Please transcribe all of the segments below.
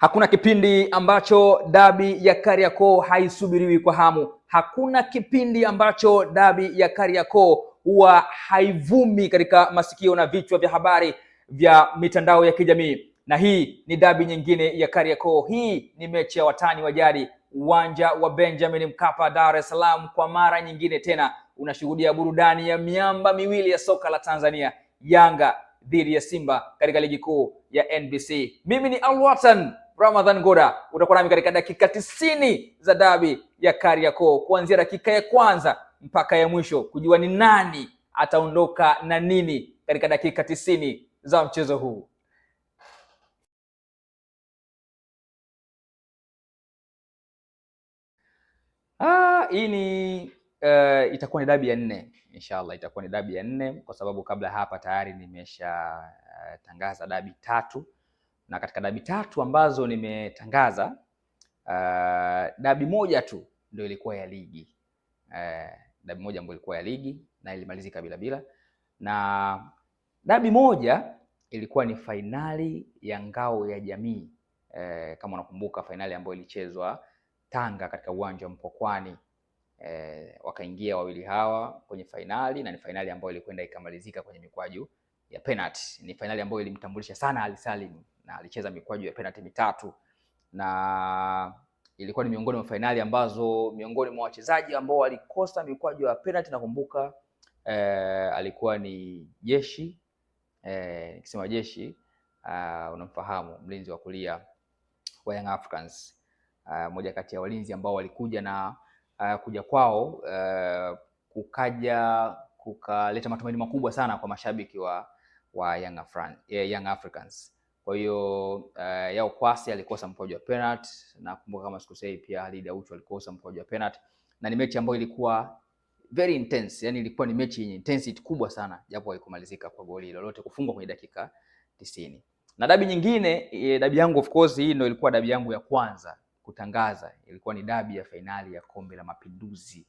Hakuna kipindi ambacho dabi ya Kariakoo haisubiriwi kwa hamu. Hakuna kipindi ambacho dabi ya Kariakoo huwa haivumi katika masikio na vichwa vya habari vya mitandao ya kijamii. Na hii ni dabi nyingine ya Kariakoo. Hii ni mechi ya watani wa jadi, uwanja wa Benjamin Mkapa, Dar es Salaam. Kwa mara nyingine tena unashuhudia burudani ya miamba miwili ya soka la Tanzania, Yanga dhidi ya Simba katika ligi kuu ya NBC. Mimi ni Alwatan Ramadhan Goda utakuwa nami katika dakika tisini za dabi ya Kariakoo kuanzia dakika ya kwanza mpaka ya mwisho kujua ni nani ataondoka na nini katika dakika tisini za mchezo huu. Ah, hii ni uh, itakuwa ni dabi ya nne inshallah, itakuwa ni dabi ya nne kwa sababu kabla hapa tayari nimeshatangaza uh, dabi tatu na katika dabi tatu ambazo nimetangaza uh, dabi moja tu ndio ilikuwa ya ligi uh, dabi moja ambayo ilikuwa ya ligi na ilimalizika bila bila, na dabi moja ilikuwa ni fainali ya ngao ya jamii uh, kama unakumbuka fainali ambayo ilichezwa Tanga katika uwanja wa Mkokwani. E, wakaingia wawili hawa kwenye fainali na ni fainali ambayo ilikwenda ikamalizika kwenye mikwaju ya penalty. Ni fainali ambayo ilimtambulisha sana Ali Salim na alicheza mikwaju ya penalti mitatu na ilikuwa ni miongoni mwa fainali ambazo miongoni mwa wachezaji ambao walikosa mikwaju ya penalti nakumbuka, eh, alikuwa ni Jeshi eh, Jeshi uh, unamfahamu mlinzi wa kulia wa Young Africans uh, moja kati ya walinzi ambao walikuja na uh, kuja kwao uh, kukaja kukaleta matumaini makubwa sana kwa mashabiki wa wa Young Africans, eh, Young Africans. Kwa hiyo uh, Yao Kwasi alikosa mkwaju wa penalty, na kumbuka kama sikosei pia Halid Aucho alikosa mkwaju wa penalty, na ni mechi ambayo ilikuwa very intense, yani ilikuwa ni mechi yenye intensity kubwa sana, japo haikumalizika kwa goli lolote kufungwa kwenye dakika 90. Na dabi nyingine e, dabi yangu of course, hii ndio ilikuwa dabi yangu ya kwanza kutangaza, ilikuwa ni dabi ya fainali ya kombe la Mapinduzi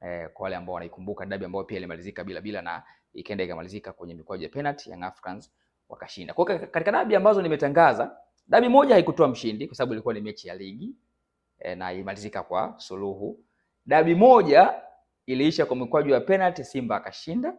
eh, kwa wale ambao wanaikumbuka dabi ambayo pia ilimalizika bila bila na ikaenda ikamalizika kwenye mikwaju ya penalty Young Africans wakashinda. Kwa katika dabi ambazo nimetangaza, dabi moja haikutoa mshindi kwa sababu ilikuwa ni mechi ya ligi e, na ilimalizika kwa suluhu. Dabi moja iliisha kwa mkwaju wa penalty, Simba akashinda,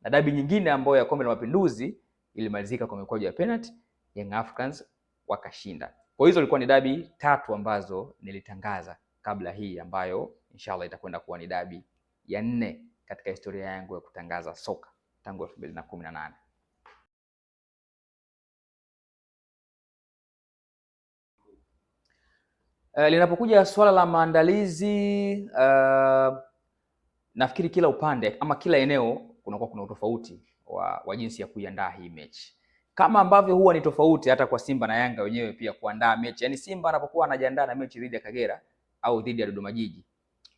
na dabi nyingine ambayo ya kombe la Mapinduzi ilimalizika kwa mkwaju wa penalty, Young Africans wakashinda. Kwa hizo ilikuwa ni dabi tatu ambazo nilitangaza kabla hii ambayo inshallah itakwenda kuwa ni dabi ya nne katika historia yangu ya kutangaza soka tangu elfu mbili na kumi na nane. E, linapokuja swala la maandalizi uh, nafikiri kila upande ama kila eneo kunakuwa kuna utofauti wa, wa jinsi ya kuiandaa hii mechi kama ambavyo huwa ni tofauti hata kwa Simba na Yanga wenyewe pia kuandaa mechi. Yaani Simba anapokuwa anajiandaa na mechi dhidi ya Kagera au dhidi ya Dodoma Jiji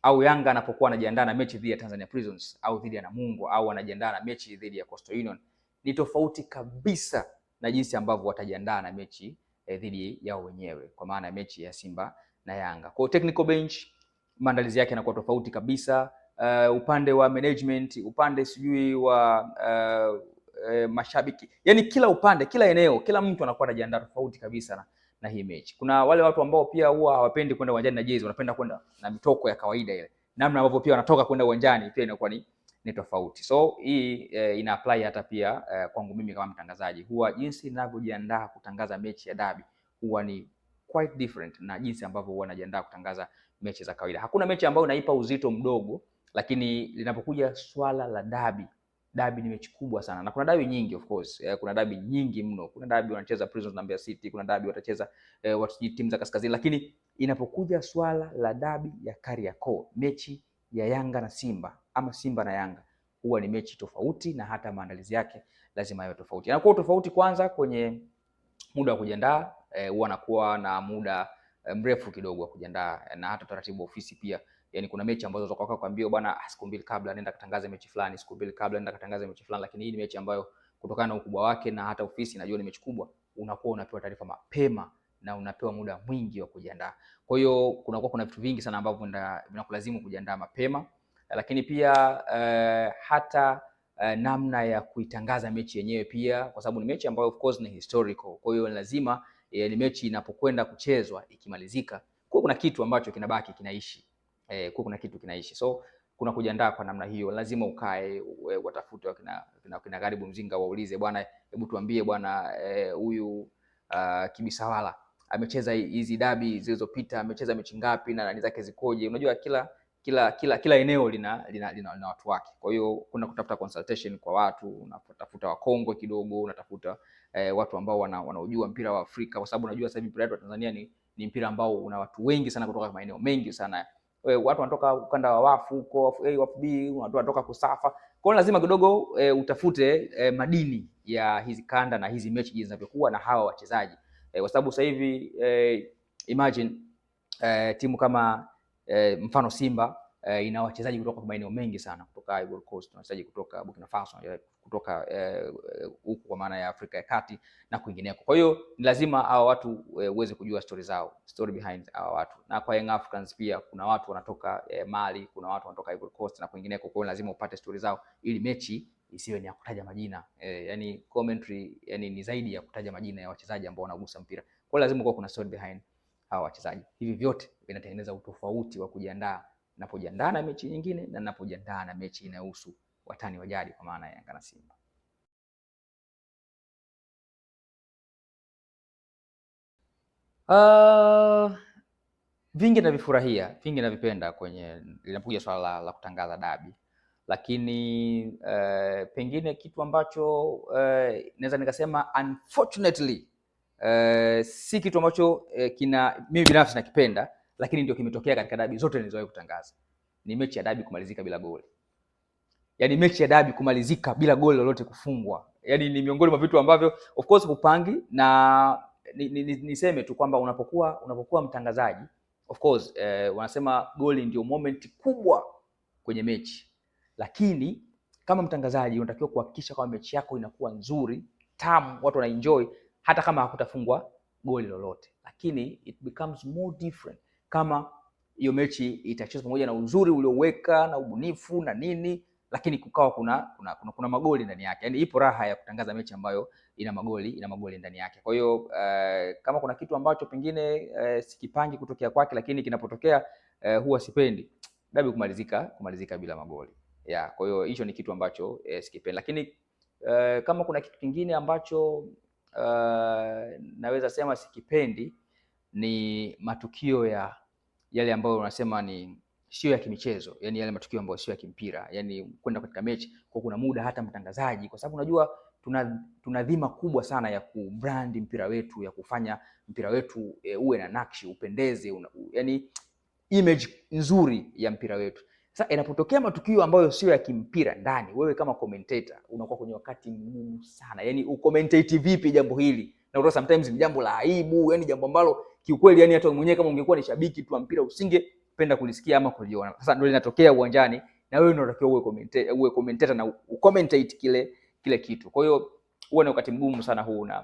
au Yanga anapokuwa anajiandaa na mechi dhidi ya Tanzania Prisons au dhidi ya Namungo au anajiandaa na mechi dhidi ya Coastal Union ni tofauti kabisa na jinsi ambavyo watajiandaa na mechi eh, dhidi yao wenyewe kwa maana ya mechi ya Simba na Yanga. Kwa technical bench maandalizi yake yanakuwa tofauti kabisa. Uh, upande wa management, upande sijui wa uh, eh, mashabiki, yaani kila upande, kila eneo, kila mtu anakuwa anajiandaa tofauti kabisa na, na hii mechi. Kuna wale watu ambao pia huwa hawapendi kwenda uwanjani na jezi, wanapenda kwenda na mitoko ya kawaida ile, namna ambavyo pia wanatoka kwenda uwanjani pia inakuwa ni ni tofauti. So hii e, ina apply hata pia e, kwangu mimi kama mtangazaji, huwa jinsi ninavyojiandaa kutangaza mechi ya dabi huwa ni quite different na jinsi ambavyo huwa najiandaa kutangaza mechi za kawaida. Hakuna mechi ambayo naipa uzito mdogo, lakini linapokuja swala la dabi, dabi ni mechi kubwa sana, na kuna dabi nyingi of course. Eh, kuna dabi nyingi mno. Kuna dabi wanacheza Prisons na Mbeya City, kuna dabi watacheza eh, watu timu za kaskazini, lakini inapokuja swala la dabi ya Kariakoo, mechi ya Yanga na Simba ama Simba na Yanga huwa ni mechi tofauti na hata maandalizi yake lazima yawe tofauti. Yanakuwa tofauti kwanza kwenye muda wa kujiandaa, e, huwa e, anakuwa na muda e, mrefu kidogo wa kujiandaa na hata taratibu ofisi pia. Yaani kuna mechi ambazo kwa kwambia bwana, ah, siku mbili kabla nenda katangaza mechi fulani, siku mbili kabla nenda katangaza mechi fulani, lakini hii ni mechi ambayo kutokana na ukubwa wake na hata ofisi najua ni mechi kubwa, unakuwa unapewa taarifa mapema na unapewa muda mwingi wa kujiandaa. Kwa hiyo kunakuwa kuna vitu vingi sana ambavyo vinakulazimu kujiandaa mapema lakini pia uh, hata uh, namna ya kuitangaza mechi yenyewe pia, kwa sababu ni mechi ambayo of course ni historical. Kwa hiyo lazima eh, ni mechi inapokwenda kuchezwa ikimalizika, kwa kuna kitu ambacho kinabaki kinaishi, eh, kwa kuna kitu kinaishi so kuna kujiandaa kwa namna hiyo, lazima ukae watafute wakina, kina Gharibu Mzinga waulize, bwana, hebu tuambie bwana eh, huyu uh, ah, Kibisawala amecheza hizi dabi zilizopita, amecheza mechi ngapi na nani zake zikoje? Unajua kila kila kila kila eneo lina lina, lina, lina watu wake. Kwa hiyo kuna kutafuta consultation kwa watu, unatafuta wakongwe kidogo, unatafuta eh, watu ambao wana, wanaojua mpira wa Afrika, kwa sababu unajua sasa hivi mpira wa Tanzania ni, ni mpira ambao una watu wengi sana kutoka maeneo mengi sana. We, eh, watu wanatoka ukanda wa wafu huko wafu A, eh, wafu B, watu wanatoka kusafa. Kwa hiyo lazima kidogo eh, utafute eh, madini ya hizi kanda na hizi mechi jinsi zinavyokuwa na hawa wachezaji eh, kwa sababu sasa hivi eh, imagine eh, timu kama eh, mfano Simba eh, ina wachezaji kutoka maeneo mengi sana, kutoka Ivory Coast na wachezaji kutoka Burkina Faso, kutoka eh, huku eh, kwa maana ya Afrika ya Kati na kwingineko. Kwa hiyo ni lazima hawa watu eh, uweze eh, kujua story zao, story behind hawa watu. Na kwa Young Africans pia kuna watu wanatoka eh, Mali, kuna watu wanatoka Ivory Coast na kwingineko. Kwa hiyo lazima upate story zao ili mechi isiwe ni ya kutaja majina eh, yani commentary yani ni zaidi ya kutaja majina ya wachezaji ambao wanagusa mpira. Kwa hiyo lazima kuwa kuna story behind hawa wachezaji. Hivi vyote vinatengeneza utofauti wa kujiandaa napojiandaa na mechi nyingine na napojiandaa na mechi inayohusu watani wa jadi kwa maana ya Yanga na Simba. Uh, vingi navifurahia, vingi navipenda kwenye linapokuja swala la, la kutangaza dabi, lakini uh, pengine kitu ambacho uh, naweza nikasema unfortunately Eh, si kitu ambacho eh, kina mimi binafsi nakipenda, lakini ndio kimetokea katika dabi zote nilizowahi kutangaza. Ni mechi ya dabi kumalizika bila goli, yani mechi ya dabi kumalizika bila goli lolote kufungwa, yani ni miongoni mwa vitu ambavyo of course kupangi na niseme ni, ni tu kwamba unapokuwa unapokuwa mtangazaji of course eh, wanasema goli ndio moment kubwa kwenye mechi, lakini kama mtangazaji unatakiwa kuhakikisha kwamba mechi yako inakuwa nzuri tamu, watu wanaenjoy hata kama hakutafungwa goli lolote, lakini it becomes more different kama hiyo mechi itachezwa pamoja na uzuri ulioweka na ubunifu na nini, lakini kukawa kuna kuna, kuna, kuna magoli ndani yake. Yani ipo raha ya kutangaza mechi ambayo ina magoli ina magoli ndani yake. Kwa hiyo uh, kama kuna kitu ambacho pengine uh, sikipangi kutokea kwake, lakini kinapotokea uh, huwa sipendi dabi kumalizika kumalizika bila magoli yeah. Kwa hiyo hicho ni kitu ambacho uh, sikipendi, lakini uh, kama kuna kitu kingine ambacho uh, naweza sema sikipendi ni matukio ya yale ambayo unasema ni sio ya kimichezo, yani yale matukio ambayo sio ya kimpira, yani kwenda katika mechi kwa kuna muda hata mtangazaji, kwa sababu unajua tuna, tuna dhima kubwa sana ya kubrandi mpira wetu ya kufanya mpira wetu e, uwe na nakshi upendeze una, u, yani image nzuri ya mpira wetu. Sasa inapotokea matukio ambayo sio ya kimpira ndani, wewe kama commentator unakuwa kwenye wakati mgumu sana, yaani ucommentate vipi jambo hili, na unaona sometimes ni jambo la aibu, yani jambo ambalo kiukweli, yani hata mwenyewe kama ungekuwa ni shabiki tu wa mpira usingependa kulisikia ama kuliona. Sasa ndio linatokea uwanjani na wewe unatakiwa uwe commentator, uwe commentator na ucommentate kile kile kitu. Kwa hiyo huwa ni wakati mgumu sana huu na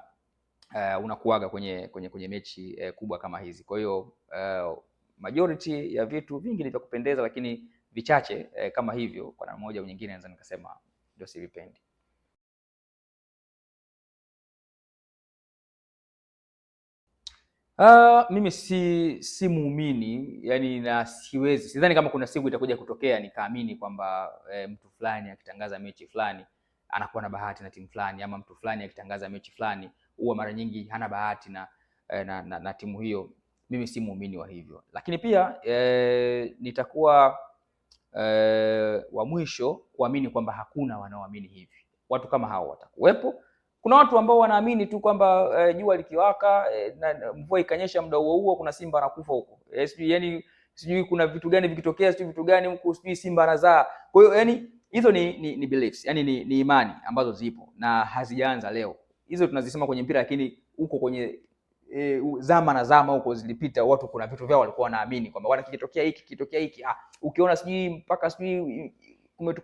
uh, eh, unakuaga kwenye kwenye kwenye mechi uh, kubwa kama hizi. Kwa hiyo uh, majority ya vitu vingi ni vya kupendeza lakini vichache e, kama hivyo, kwa namna moja au nyingine naweza nikasema ndio sivipendi. Uh, mimi si si muumini yani, na siwezi, sidhani kama kuna siku itakuja kutokea nikaamini kwamba e, mtu fulani akitangaza mechi fulani anakuwa na bahati na timu fulani, ama mtu fulani akitangaza mechi fulani huwa mara nyingi hana bahati na, na, eh, na, na, na timu hiyo. Mimi si muumini wa hivyo, lakini pia e, nitakuwa uh, wa mwisho kuamini kwamba hakuna wanaoamini hivi. Watu kama hao watakuwepo. Kuna watu ambao wanaamini tu kwamba uh, jua likiwaka uh, na mvua ikanyesha muda huo huo kuna simba anakufa huko. uh, sijui yani sijui kuna vitu gani vikitokea sijui vitu gani huko sijui simba anazaa. Kwa hiyo yani hizo ni, ni, ni beliefs, yani ni, ni imani ambazo zipo na hazijaanza leo. Hizo tunazisema kwenye mpira lakini uko kwenye e, zama na zama huko zilipita, watu kuna vitu vyao walikuwa wanaamini kwamba bwana, kikitokea hiki kikitokea hiki, ah, ukiona sijui mpaka sijui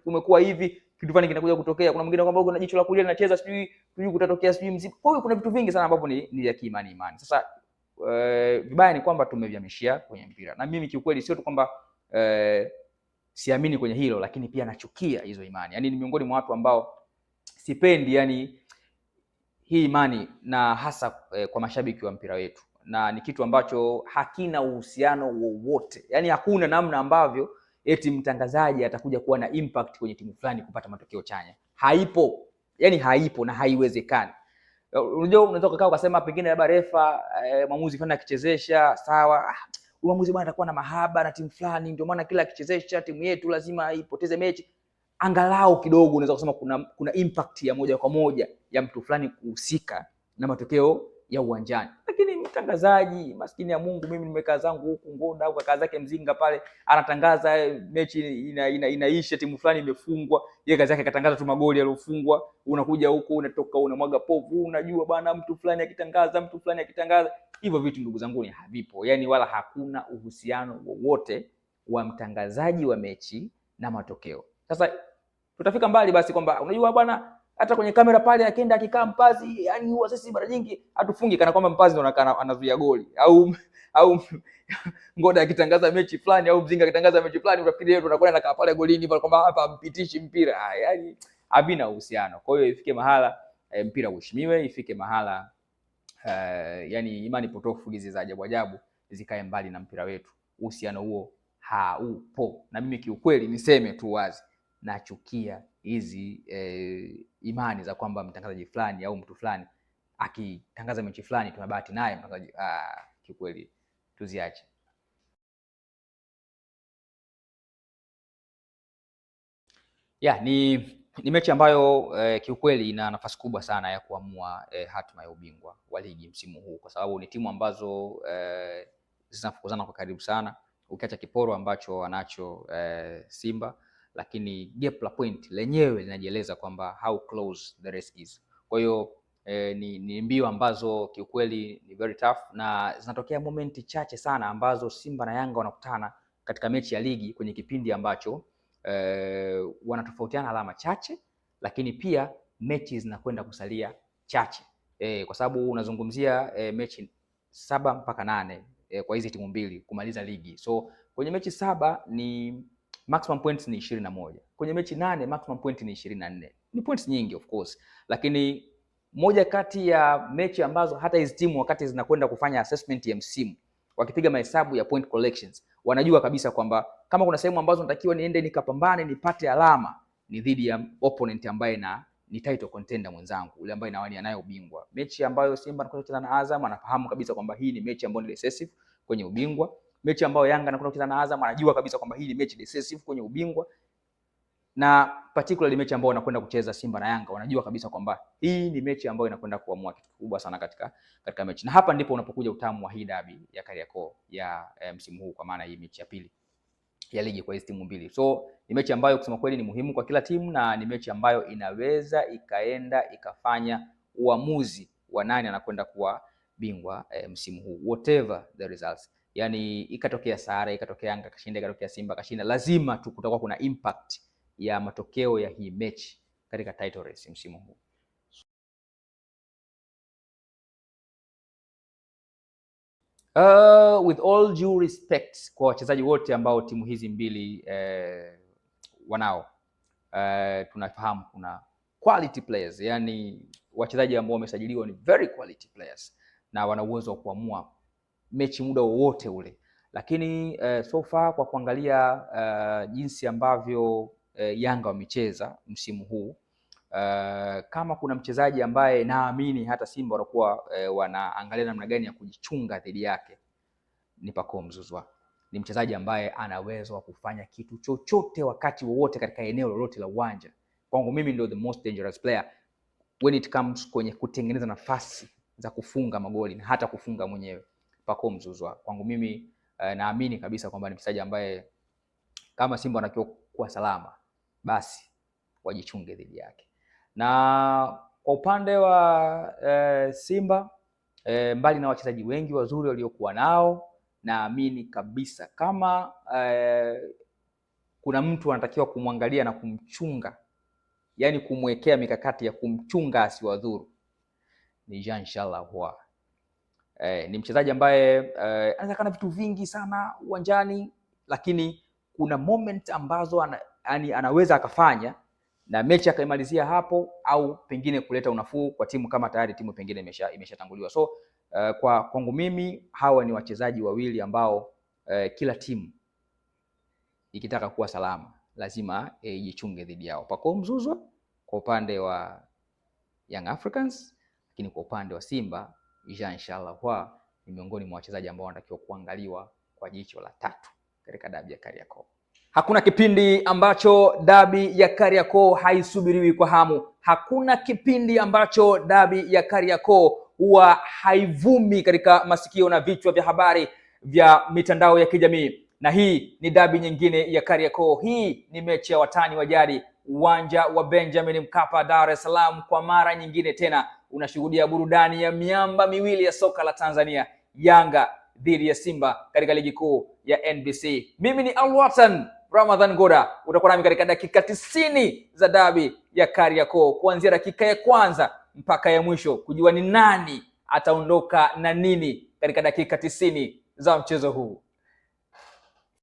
kumekuwa hivi kitu fulani kinakuja kutokea. Kuna mwingine kwamba kuna jicho la kulia linacheza sijui sijui kutatokea sijui mzimu. Kwa hiyo kuna vitu vingi sana ambavyo ni, ni ya kiimani imani. Sasa e, vibaya uh, ni kwamba tumevyamishia kwenye mpira, na mimi kiukweli sio tu kwamba e, siamini kwenye hilo, lakini pia nachukia hizo imani. Yani ni miongoni mwa watu ambao sipendi yani hii imani na hasa eh, kwa mashabiki wa mpira wetu, na ni kitu ambacho hakina uhusiano wowote, yaani hakuna namna ambavyo eti mtangazaji atakuja kuwa na impact kwenye timu fulani kupata matokeo chanya. Haipo, yani haipo na haiwezekani. Unajua, unaweza kukaa ukasema pengine labda refa eh, mwamuzi fulani akichezesha sawa, ah, mwamuzi bwana atakuwa na mahaba na timu fulani, ndio maana kila akichezesha timu yetu lazima ipoteze mechi angalau kidogo unaweza kusema kuna, kuna impact ya moja kwa moja ya mtu fulani kuhusika na matokeo ya uwanjani. Lakini mtangazaji maskini ya Mungu, mimi nimekaa zangu huku Ngonda au kakaa zake Mzinga pale, anatangaza eh, mechi ina, ina, inaisha timu fulani imefungwa, yeye kazi yake katangaza tu magoli yaliofungwa. Unakuja huku unatoka unamwaga povu, unajua bana, mtu fulani akitangaza, mtu fulani akitangaza. Hivyo vitu ndugu zangu ni havipo, yani wala hakuna uhusiano wowote wa mtangazaji wa mechi na matokeo. Sasa tutafika mbali basi, kwamba unajua bwana, hata kwenye kamera pale akienda akikaa Mpazi, yani huwa sisi mara nyingi hatufungi kana kwamba Mpazi ndo anazuia goli au au Ngoda akitangaza mechi fulani au Mzinga akitangaza mechi fulani, unafikiri yeye tunakwenda na kaa pale golini kwamba hapa mpitishi mpira, ah, yani havina uhusiano. Kwa hiyo ifike mahala e, mpira uheshimiwe, ifike mahala e, eh, yani imani potofu hizi za ajabu ajabu zikae mbali na mpira wetu. Uhusiano huo haupo, na mimi kiukweli niseme tu wazi nachukia hizi e, imani za kwamba mtangazaji fulani au mtu fulani akitangaza mechi fulani tuna bahati naye mtangazaji. Ah, kiukweli tuziache. Ya, ni, ni mechi ambayo eh, kiukweli ina nafasi kubwa sana ya kuamua eh, hatima ya ubingwa wa ligi msimu huu kwa sababu ni timu ambazo eh, zinafukuzana kwa karibu sana, ukiacha kiporo ambacho wanacho eh, Simba lakini gap la point lenyewe linajieleza kwamba how close the race is. Kwa hiyo eh, ni, ni mbio ambazo kiukweli ni very tough na zinatokea momenti chache sana ambazo Simba na Yanga wanakutana katika mechi ya ligi kwenye kipindi ambacho eh, wanatofautiana alama chache, lakini pia mechi zinakwenda kusalia chache eh, kwa sababu unazungumzia eh, mechi saba mpaka nane eh, kwa hizi timu mbili kumaliza ligi. So kwenye mechi saba ni maximum points ni 21. Kwenye mechi nane maximum point ni 24. Ni points nyingi of course. Lakini moja kati ya mechi ambazo hata hizi timu wakati zinakwenda kufanya assessment ya msimu, wakipiga mahesabu ya point collections, wanajua kabisa kwamba kama kuna sehemu ambazo natakiwa niende nikapambane nipate alama ni dhidi ya opponent ambaye na ni title contender mwenzangu yule ambaye nawania nayo ubingwa. Mechi ambayo Simba anakwenda kucheza na Azam, anafahamu kabisa kwamba hii ni mechi ambayo ni decisive kwenye ubingwa mechi ambayo Yanga anakwenda kucheza na Azam, anajua kabisa kwamba hii ni mechi decisive kwenye ubingwa na particularly mechi ambayo wanakwenda kucheza Simba na Yanga, wanajua kabisa kwamba hii ni mechi ambayo inakwenda kuamua kitu kikubwa sana katika katika mechi, na hapa ndipo unapokuja utamu wa hii dabi ya Kariakoo ya eh, msimu huu, kwa maana hii mechi ya pili ya ligi kwa hizi timu mbili. So ni mechi ambayo kusema kweli ni muhimu kwa kila timu na ni mechi ambayo inaweza ikaenda ikafanya uamuzi wa nani anakwenda kuwa bingwa eh, msimu huu whatever the results yani ikatokea sare, ikatokea Yanga kashinda, ikatokea Simba kashinda, lazima tu kutakuwa kuna impact ya matokeo ya hii mechi katika title race msimu huu. Uh, with all due respect kwa wachezaji wote ambao timu hizi mbili eh, wanao eh, tunafahamu kuna quality players, yani wachezaji ambao wamesajiliwa ni very quality players na wana uwezo wa kuamua mechi muda wowote ule, lakini uh, so far kwa kuangalia uh, jinsi ambavyo uh, Yanga wamecheza msimu huu uh, kama kuna mchezaji ambaye naamini hata Simba wanakuwa uh, wanaangalia namna gani ya kujichunga dhidi yake ni Pacome Mzuzwa. Ni mchezaji ambaye ana uwezo wa kufanya kitu chochote wakati wowote katika eneo lolote la uwanja. Kwangu mimi ndio the most dangerous player when it comes kwenye kutengeneza nafasi za kufunga magoli na hata kufunga mwenyewe pako Mzuzwa. Kwangu mimi eh, naamini kabisa kwamba ni mchezaji ambaye kama Simba anatakiwa kuwa salama, basi wajichunge dhidi yake. Na kwa upande wa eh, Simba eh, mbali na wachezaji wengi wazuri waliokuwa nao, naamini kabisa kama eh, kuna mtu anatakiwa kumwangalia na kumchunga, yani kumwekea mikakati ya kumchunga asiwadhuru, ni Jean Charles Ahoua Eh, ni mchezaji ambaye eh, anaweza vitu vingi sana uwanjani, lakini kuna moment ambazo ana, yani anaweza akafanya na mechi akaimalizia hapo au pengine kuleta unafuu kwa timu kama tayari timu pengine imesha imeshatanguliwa. So uh, kwa kwangu mimi hawa ni wachezaji wawili ambao uh, kila timu ikitaka kuwa salama lazima eh, ijichunge eh, dhidi yao. Pako Mzuzwa kwa upande wa Young Africans, lakini kwa upande wa Simba inshallah huwa ni miongoni mwa wachezaji ambao wanatakiwa kuangaliwa kwa jicho la tatu katika dabi ya Kariakoo. Hakuna kipindi ambacho dabi ya Kariakoo haisubiriwi kwa hamu. Hakuna kipindi ambacho dabi ya Kariakoo huwa haivumi katika masikio na vichwa vya habari vya mitandao ya kijamii, na hii ni dabi nyingine ya Kariakoo. Hii ni mechi ya watani wa jadi, uwanja wa Benjamin Mkapa, Dar es Salaam, kwa mara nyingine tena unashuhudia burudani ya miamba miwili ya soka la Tanzania, Yanga dhidi ya Simba katika ligi kuu ya NBC. Mimi ni Alwatan Ramadhan Goda, utakuwa nami katika dakika tisini za dabi ya Kariakoo, kuanzia dakika ya kwanza mpaka ya mwisho, kujua ni nani ataondoka na nini katika dakika tisini za mchezo huu.